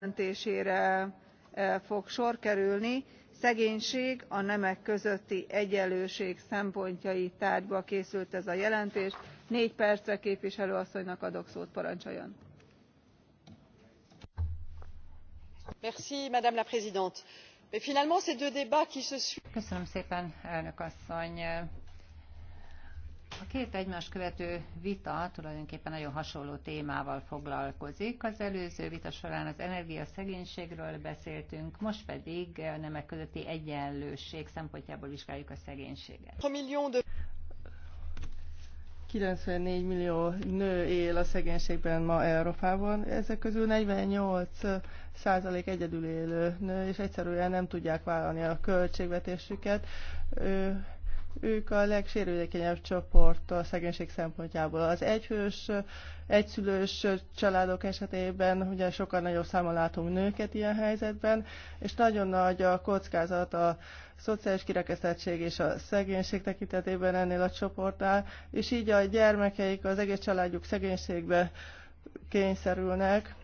jelentésére e, fog sor kerülni szegénység a nemek közötti egyenlőség szempontjai tárgyba készült ez a jelentés. négy percre képviselő asszonynak adok szót parancsoljon! köszönöm szépen elnök asszony! A két egymást követő vita tulajdonképpen nagyon hasonló témával foglalkozik. Az előző vita során az energiaszegénységről beszéltünk, most pedig a nemek közötti egyenlőség szempontjából vizsgáljuk a szegénységet. 94 millió nő él a szegénységben ma Európában, ezek közül 48 százalék egyedül élő nő, és egyszerűen nem tudják vállalni a költségvetésüket. Ők a legsérülékenyebb csoport a szegénység szempontjából. Az egyhős egyszülős családok esetében ugye sokkal nagyobb száma látunk nőket ilyen helyzetben, és nagyon nagy a kockázat a szociális kirekesztettség és a szegénység tekintetében ennél a csoportnál, és így a gyermekeik, az egész családjuk szegénységbe kényszerülnek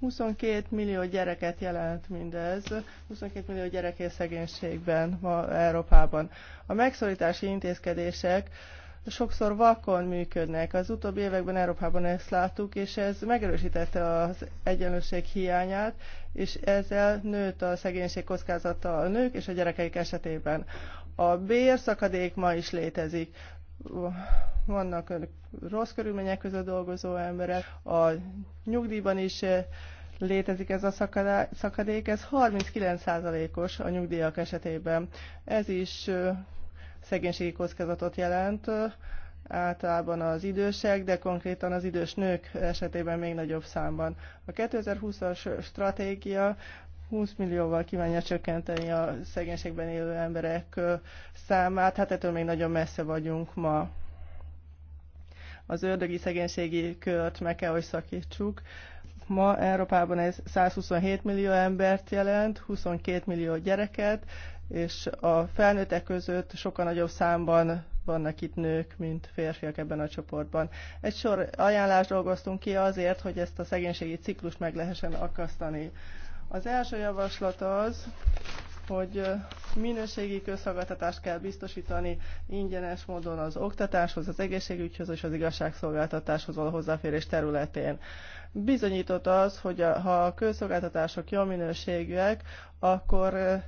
22 millió gyereket jelent mindez, 22 millió gyerek él szegénységben ma Európában. A megszorítási intézkedések sokszor vakon működnek. Az utóbbi években Európában ezt láttuk, és ez megerősítette az egyenlőség hiányát, és ezzel nőtt a szegénység kockázata a nők és a gyerekeik esetében. A bérszakadék ma is létezik vannak rossz körülmények között dolgozó emberek, a nyugdíjban is létezik ez a szakadék, ez 39%-os a nyugdíjak esetében. Ez is szegénységi kockázatot jelent, általában az idősek, de konkrétan az idős nők esetében még nagyobb számban. A 2020-as stratégia 20 millióval kívánja csökkenteni a szegénységben élő emberek számát. Hát ettől még nagyon messze vagyunk ma. Az ördögi szegénységi kört meg kell, hogy szakítsuk. Ma Európában ez 127 millió embert jelent, 22 millió gyereket, és a felnőttek között sokkal nagyobb számban vannak itt nők, mint férfiak ebben a csoportban. Egy sor ajánlást dolgoztunk ki azért, hogy ezt a szegénységi ciklust meg lehessen akasztani. Az első javaslat az, hogy minőségi közszolgáltatást kell biztosítani ingyenes módon az oktatáshoz, az egészségügyhöz és az igazságszolgáltatáshoz való hozzáférés területén. Bizonyított az, hogy a, ha a közszolgáltatások jó minőségűek, akkor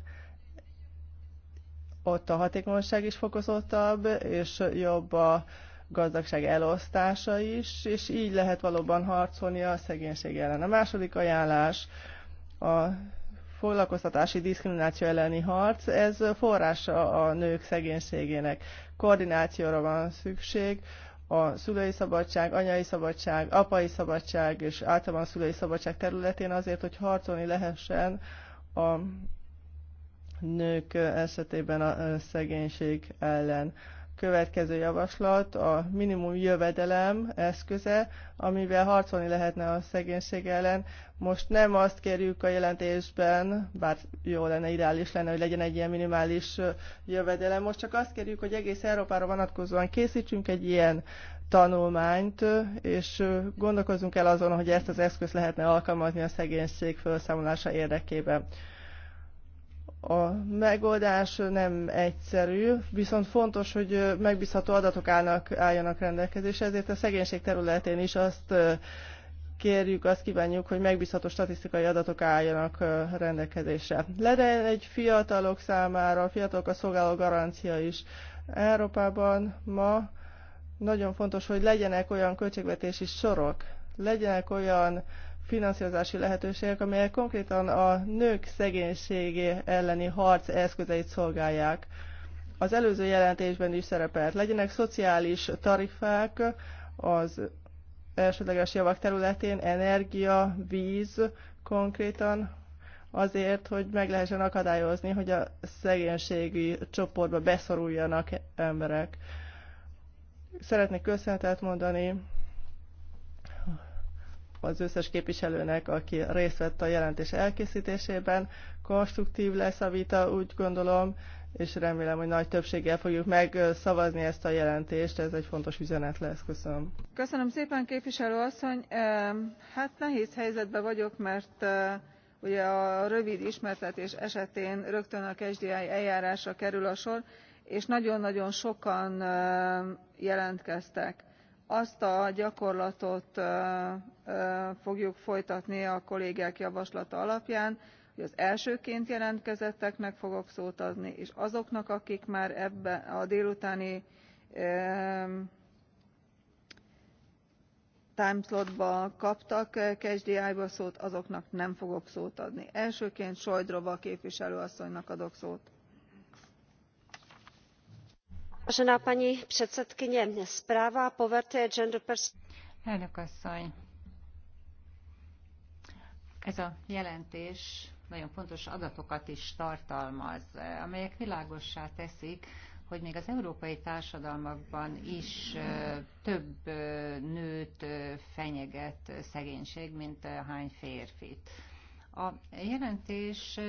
ott a hatékonyság is fokozottabb, és jobb a gazdagság elosztása is, és így lehet valóban harcolni a szegénység ellen. A második ajánlás a foglalkoztatási diszkrimináció elleni harc, ez forrása a nők szegénységének. Koordinációra van szükség, a szülői szabadság, anyai szabadság, apai szabadság és általában szülői szabadság területén azért, hogy harcolni lehessen a nők esetében a szegénység ellen következő javaslat a minimum jövedelem eszköze, amivel harcolni lehetne a szegénység ellen. Most nem azt kérjük a jelentésben, bár jó lenne, ideális lenne, hogy legyen egy ilyen minimális jövedelem. Most csak azt kérjük, hogy egész Európára vonatkozóan készítsünk egy ilyen tanulmányt, és gondolkozunk el azon, hogy ezt az eszközt lehetne alkalmazni a szegénység felszámolása érdekében. A megoldás nem egyszerű, viszont fontos, hogy megbízható adatok állnak, álljanak rendelkezésre, ezért a szegénység területén is azt kérjük, azt kívánjuk, hogy megbízható statisztikai adatok álljanak rendelkezésre. Legyen egy fiatalok számára, a fiatalok a szolgáló garancia is. Európában ma nagyon fontos, hogy legyenek olyan költségvetési sorok, legyenek olyan finanszírozási lehetőségek, amelyek konkrétan a nők szegénységi elleni harc eszközeit szolgálják. Az előző jelentésben is szerepelt. Legyenek szociális tarifák az elsődleges javak területén, energia, víz konkrétan, azért, hogy meg lehessen akadályozni, hogy a szegénységi csoportba beszoruljanak emberek. Szeretnék köszönetet mondani az összes képviselőnek, aki részt vett a jelentés elkészítésében. Konstruktív lesz a vita, úgy gondolom, és remélem, hogy nagy többséggel fogjuk megszavazni ezt a jelentést. Ez egy fontos üzenet lesz. Köszönöm. Köszönöm szépen, képviselő asszony. Hát nehéz helyzetben vagyok, mert ugye a rövid ismertetés esetén rögtön a KSDI eljárásra kerül a sor és nagyon nagyon sokan jelentkeztek azt a gyakorlatot fogjuk folytatni a kollégák javaslata alapján hogy az elsőként jelentkezetteknek fogok szót adni és azoknak akik már ebbe a délutáni timeslotba kaptak catch the eye szót azoknak nem fogok szót adni. elsőként sojdrova képviselő asszonynak adok szót paní předsedkyně zpráva poverty gender elnök asszony ez a jelentés nagyon fontos adatokat is tartalmaz amelyek világossá teszik hogy még az európai társadalmakban is több nőt fenyeget szegénység, mint hány férfit. A jelentés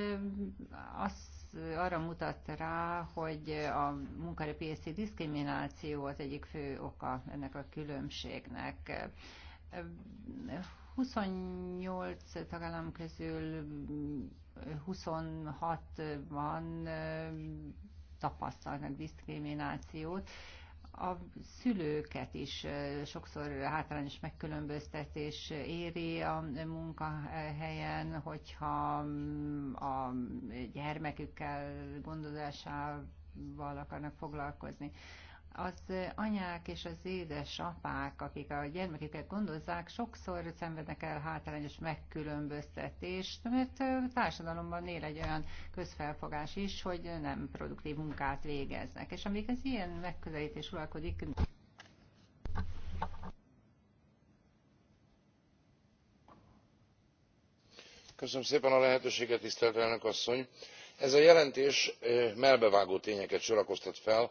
azt arra mutat rá, hogy a munkarepészi diszkrimináció az egyik fő oka ennek a különbségnek. 28 tagállam közül 26 van tapasztalnak diszkriminációt, a szülőket is sokszor hátrányos megkülönböztetés éri a munkahelyen, hogyha mm, a gyermekükkel gondozásával akarnak foglalkozni az anyák és az édesapák, akik a gyermeküket gondozzák, sokszor szenvednek el hátrányos megkülönböztetést, mert a társadalomban él egy olyan közfelfogás is, hogy nem produktív munkát végeznek. És amíg az ilyen megközelítés uralkodik, Köszönöm szépen a lehetőséget, tisztelt elnök asszony! Ez a jelentés melbevágó tényeket sorakoztat fel,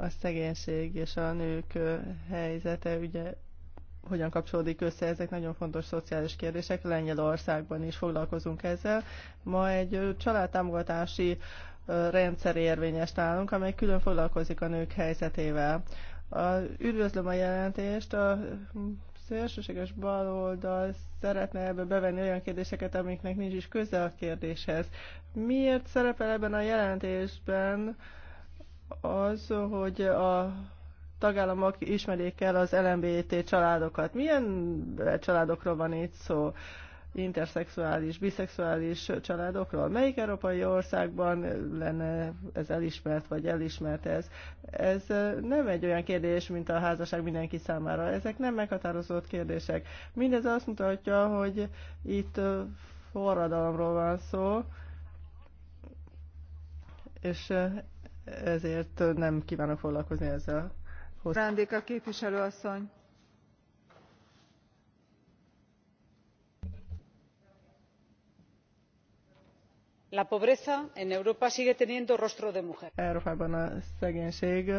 a szegénység és a nők helyzete ugye hogyan kapcsolódik össze, ezek nagyon fontos szociális kérdések. Lengyelországban is foglalkozunk ezzel. Ma egy családtámogatási rendszer érvényes nálunk, amely külön foglalkozik a nők helyzetével. A, üdvözlöm a jelentést, a szélsőséges baloldal szeretne ebbe bevenni olyan kérdéseket, amiknek nincs is köze a kérdéshez. Miért szerepel ebben a jelentésben az, hogy a tagállamok ismerik el az LMBT családokat. Milyen családokról van itt szó? interszexuális, biszexuális családokról. Melyik európai országban lenne ez elismert, vagy elismert ez? Ez nem egy olyan kérdés, mint a házasság mindenki számára. Ezek nem meghatározott kérdések. Mindez azt mutatja, hogy itt forradalomról van szó, és ezért nem kívánok foglalkozni ezzel. Rándéka képviselőasszony. La pobreza en Europa sigue teniendo rostro de mujer. Európában a szegénység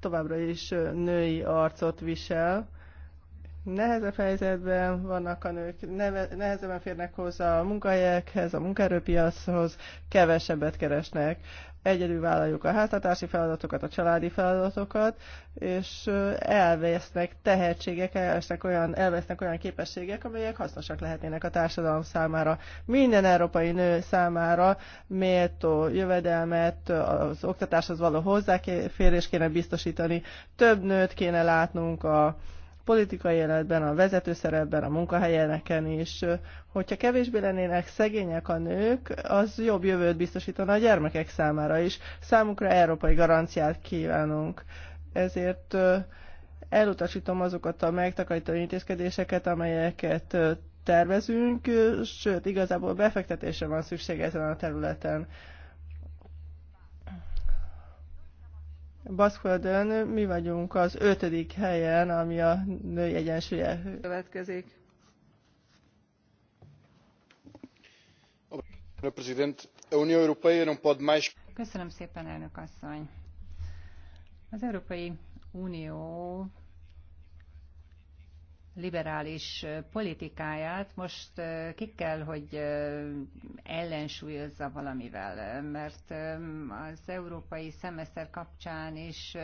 továbbra is női arcot visel nehezebb helyzetben vannak a nők, neve, nehezebben férnek hozzá a munkahelyekhez, a munkaerőpiachoz, kevesebbet keresnek, egyedül vállaljuk a háztartási feladatokat, a családi feladatokat, és elvesznek tehetségek, elvesznek olyan, elvesznek olyan képességek, amelyek hasznosak lehetnének a társadalom számára. Minden európai nő számára méltó jövedelmet, az oktatáshoz való hozzáférés kéne biztosítani, több nőt kéne látnunk a politikai életben, a vezető szerepben, a munkahelyeneken is. Hogyha kevésbé lennének szegények a nők, az jobb jövőt biztosítana a gyermekek számára is. Számukra európai garanciát kívánunk. Ezért elutasítom azokat a megtakarító intézkedéseket, amelyeket tervezünk, sőt, igazából befektetésre van szükség ezen a területen. Baszkföldön mi vagyunk az ötödik helyen, ami a női egyensúly e- Következik. Köszönöm szépen, elnök asszony. Az Európai Unió liberális politikáját most ki kell, hogy ellensúlyozza valamivel, mert az európai szemeszter kapcsán is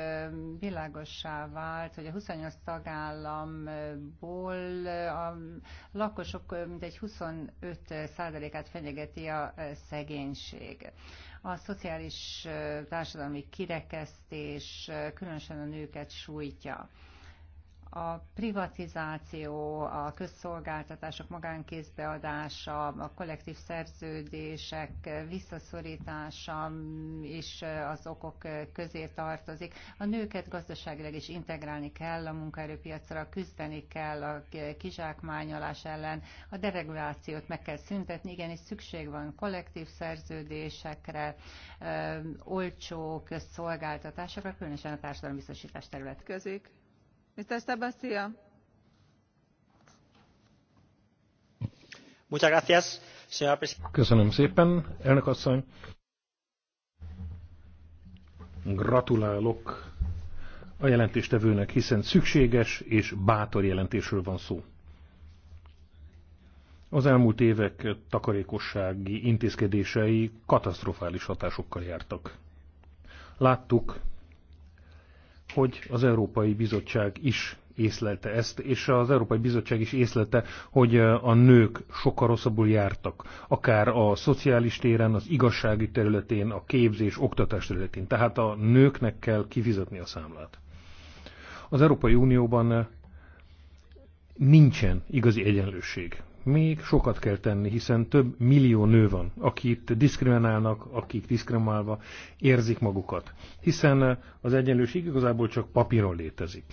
világossá vált, hogy a 28 tagállamból a lakosok mintegy 25 százalékát fenyegeti a szegénység a szociális társadalmi kirekesztés különösen a nőket sújtja a privatizáció, a közszolgáltatások magánkézbeadása, a kollektív szerződések visszaszorítása is az okok közé tartozik. A nőket gazdaságileg is integrálni kell a munkaerőpiacra, küzdeni kell a kizsákmányolás ellen, a deregulációt meg kell szüntetni, igenis szükség van kollektív szerződésekre, olcsó közszolgáltatásokra, különösen a társadalombiztosítás terület. Közik. Köszönöm szépen, elnök asszony. Gratulálok a jelentéstevőnek, hiszen szükséges és bátor jelentésről van szó. Az elmúlt évek takarékossági intézkedései katasztrofális hatásokkal jártak. Láttuk, hogy az Európai Bizottság is észlelte ezt, és az Európai Bizottság is észlelte, hogy a nők sokkal rosszabbul jártak, akár a szociális téren, az igazsági területén, a képzés, oktatás területén. Tehát a nőknek kell kifizetni a számlát. Az Európai Unióban nincsen igazi egyenlőség még sokat kell tenni, hiszen több millió nő van, akit diszkriminálnak, akik diszkriminálva érzik magukat. Hiszen az egyenlőség igazából csak papíron létezik.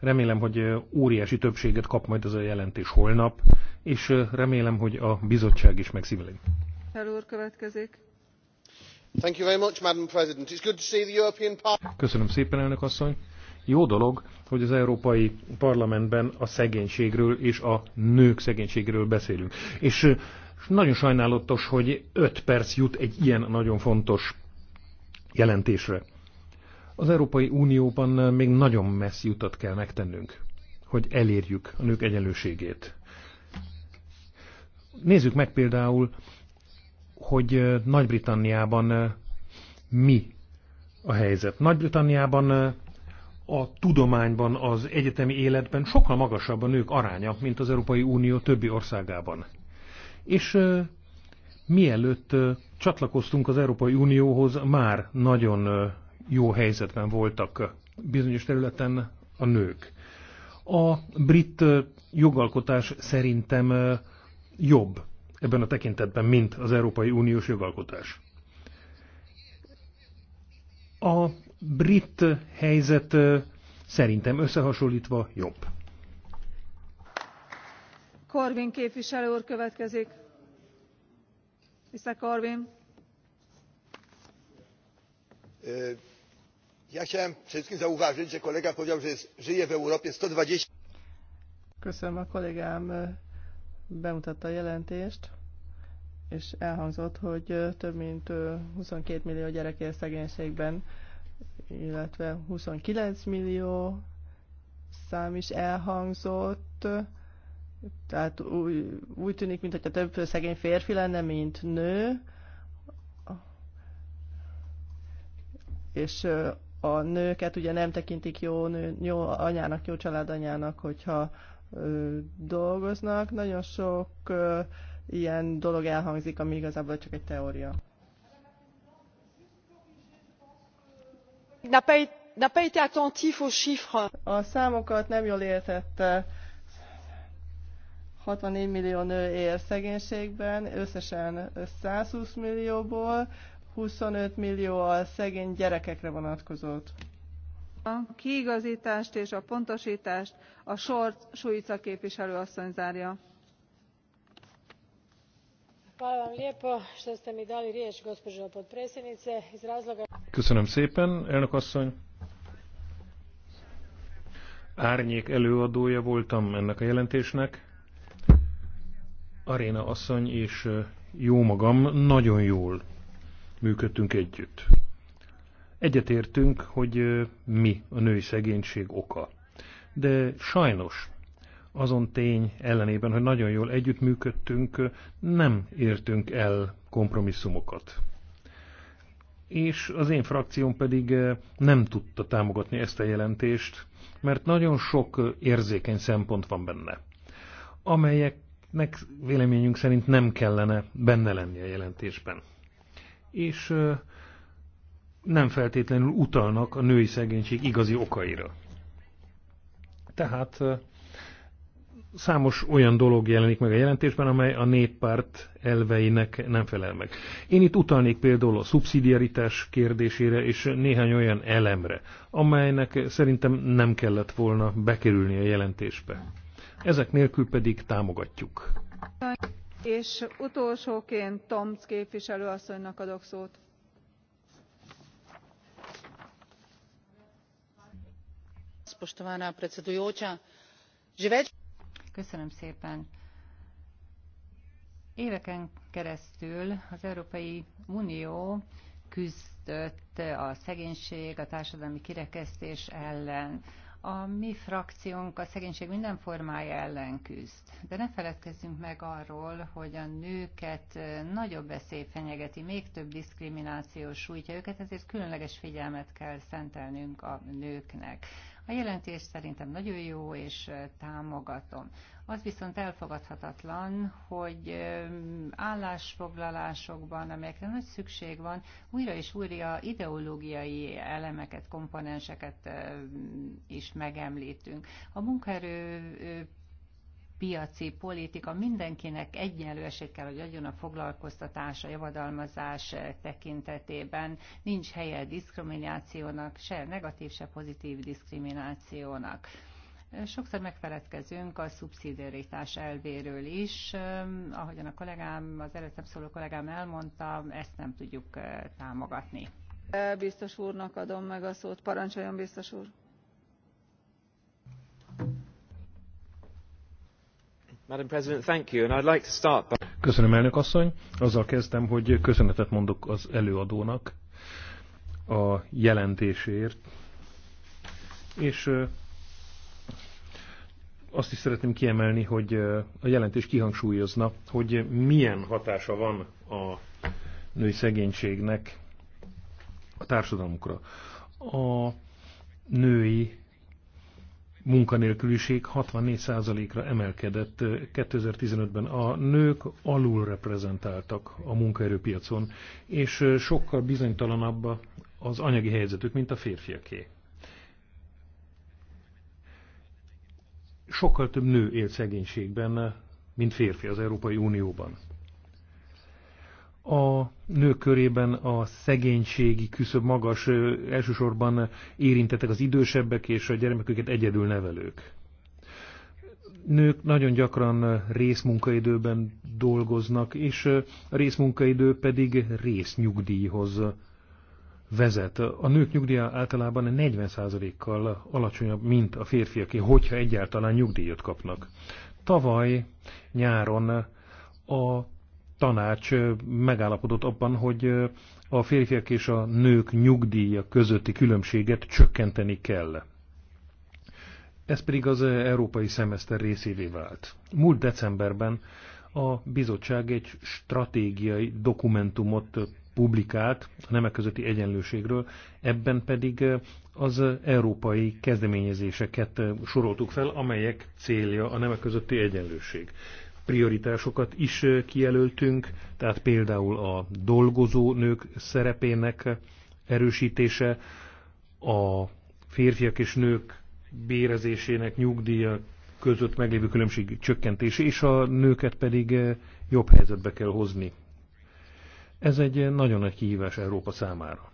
Remélem, hogy óriási többséget kap majd ez a jelentés holnap, és remélem, hogy a bizottság is megszívleli. következik. Thank you very much, Madam President. It's good to see the European Parliament. Köszönöm szépen, elnök asszony jó dolog, hogy az Európai Parlamentben a szegénységről és a nők szegénységről beszélünk. És nagyon sajnálatos, hogy öt perc jut egy ilyen nagyon fontos jelentésre. Az Európai Unióban még nagyon messzi utat kell megtennünk, hogy elérjük a nők egyenlőségét. Nézzük meg például, hogy Nagy-Britanniában mi a helyzet. Nagy-Britanniában a tudományban, az egyetemi életben sokkal magasabb a nők aránya, mint az Európai Unió többi országában. És mielőtt csatlakoztunk az Európai Unióhoz, már nagyon jó helyzetben voltak bizonyos területen a nők. A brit jogalkotás szerintem jobb ebben a tekintetben, mint az Európai Uniós jogalkotás. A brit helyzet szerintem összehasonlítva jobb. Corvin képviselő úr következik. Mr. Corvin. Ja chciałem przede wszystkim zauważyć, że kolega powiedział, że żyje w Europie 120... Köszönöm, a kollégám bemutatta a jelentést, és elhangzott, hogy több mint 22 millió gyerek él szegénységben illetve 29 millió szám is elhangzott. Tehát úgy, úgy tűnik, mintha több szegény férfi lenne, mint nő. És a nőket ugye nem tekintik jó, nő, jó anyának, jó családanyának, hogyha ö, dolgoznak. Nagyon sok ö, ilyen dolog elhangzik, ami igazából csak egy teória. a számokat nem jól értette. 64 millió nő él szegénységben, összesen twenty millióból 25 millió a szegény gyerekekre vonatkozott. A kiigaztást és a pontosítást a Short Suica képviselő asszony zárja mi dali Köszönöm szépen, elnök asszony. Árnyék előadója voltam ennek a jelentésnek. Aréna asszony és jó magam nagyon jól működtünk együtt. Egyetértünk, hogy mi a női szegénység oka. De sajnos azon tény ellenében, hogy nagyon jól együttműködtünk, nem értünk el kompromisszumokat. És az én frakcióm pedig eh, nem tudta támogatni ezt a jelentést, mert nagyon sok eh, érzékeny szempont van benne, amelyeknek véleményünk szerint nem kellene benne lenni a jelentésben. És eh, nem feltétlenül utalnak a női szegénység igazi okaira. Tehát számos olyan dolog jelenik meg a jelentésben, amely a néppárt elveinek nem felel meg. Én itt utalnék például a szubszidiaritás kérdésére és néhány olyan elemre, amelynek szerintem nem kellett volna bekerülni a jelentésbe. Ezek nélkül pedig támogatjuk. És utolsóként Tomsz képviselő asszonynak adok szót. Spoštovana predsedujoča, že več Köszönöm szépen. Éveken keresztül az Európai Unió küzdött a szegénység, a társadalmi kirekesztés ellen. A mi frakciónk a szegénység minden formája ellen küzd. De ne feledkezzünk meg arról, hogy a nőket nagyobb veszély fenyegeti, még több diszkrimináció sújtja őket, ezért különleges figyelmet kell szentelnünk a nőknek. A jelentés szerintem nagyon jó, és támogatom. Az viszont elfogadhatatlan, hogy állásfoglalásokban, amelyekre nagy szükség van, újra és újra ideológiai elemeket, komponenseket is megemlítünk. A munkaerő piaci politika mindenkinek egyenlő esélyt kell, hogy adjon a foglalkoztatás, a javadalmazás tekintetében. Nincs helye diszkriminációnak, se negatív, se pozitív diszkriminációnak. Sokszor megfeledkezünk a szubszidiaritás elvéről is. Ahogyan a kollégám, az előttem szóló kollégám elmondta, ezt nem tudjuk eh, támogatni. Biztos úrnak adom meg a szót. Parancsoljon, biztos úr! Köszönöm, elnök asszony. Azzal kezdtem, hogy köszönetet mondok az előadónak a jelentésért. És azt is szeretném kiemelni, hogy a jelentés kihangsúlyozna, hogy milyen hatása van a női szegénységnek a társadalmukra. A női munkanélküliség 64%-ra emelkedett 2015-ben. A nők alul reprezentáltak a munkaerőpiacon, és sokkal bizonytalanabb az anyagi helyzetük, mint a férfiaké. Sokkal több nő él szegénységben, mint férfi az Európai Unióban nők körében a szegénységi küszöb magas, elsősorban érintettek az idősebbek és a gyermeküket egyedül nevelők. Nők nagyon gyakran részmunkaidőben dolgoznak, és a részmunkaidő pedig résznyugdíjhoz vezet. A nők nyugdíja általában 40%-kal alacsonyabb, mint a férfiaké, hogyha egyáltalán nyugdíjat kapnak. Tavaly nyáron a tanács megállapodott abban, hogy a férfiak és a nők nyugdíja közötti különbséget csökkenteni kell. Ez pedig az európai szemeszter részévé vált. Múlt decemberben a bizottság egy stratégiai dokumentumot publikált a nemek közötti egyenlőségről, ebben pedig az európai kezdeményezéseket soroltuk fel, amelyek célja a nemek közötti egyenlőség prioritásokat is kijelöltünk, tehát például a dolgozó nők szerepének erősítése, a férfiak és nők bérezésének nyugdíja között meglévő különbség csökkentése, és a nőket pedig jobb helyzetbe kell hozni. Ez egy nagyon nagy kihívás Európa számára.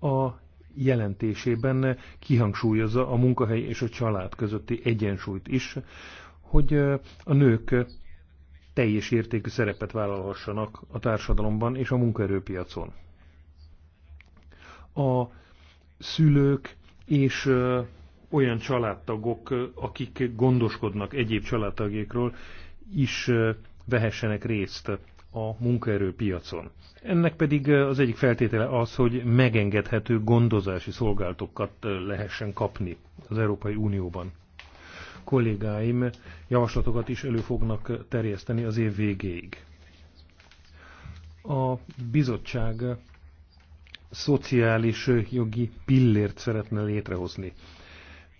A jelentésében kihangsúlyozza a munkahely és a család közötti egyensúlyt is, hogy a nők teljes értékű szerepet vállalhassanak a társadalomban és a munkaerőpiacon. A szülők és olyan családtagok, akik gondoskodnak egyéb családtagékról, is vehessenek részt a munkaerőpiacon. Ennek pedig az egyik feltétele az, hogy megengedhető gondozási szolgáltokat lehessen kapni az Európai Unióban kollégáim javaslatokat is elő fognak terjeszteni az év végéig. A bizottság szociális jogi pillért szeretne létrehozni.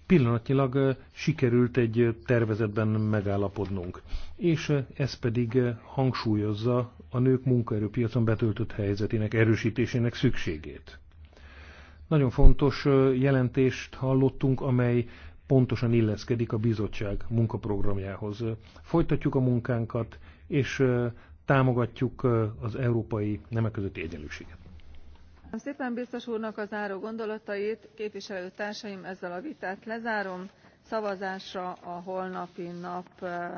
Pillanatnyilag sikerült egy tervezetben megállapodnunk, és ez pedig hangsúlyozza a nők munkaerőpiacon betöltött helyzetének erősítésének szükségét. Nagyon fontos jelentést hallottunk, amely pontosan illeszkedik a bizottság munkaprogramjához. Folytatjuk a munkánkat, és támogatjuk az európai nemek közötti egyenlőséget. Köszönöm szépen biztos úrnak az záró gondolatait, képviselőtársaim, ezzel a vitát lezárom. Szavazásra a holnapi nap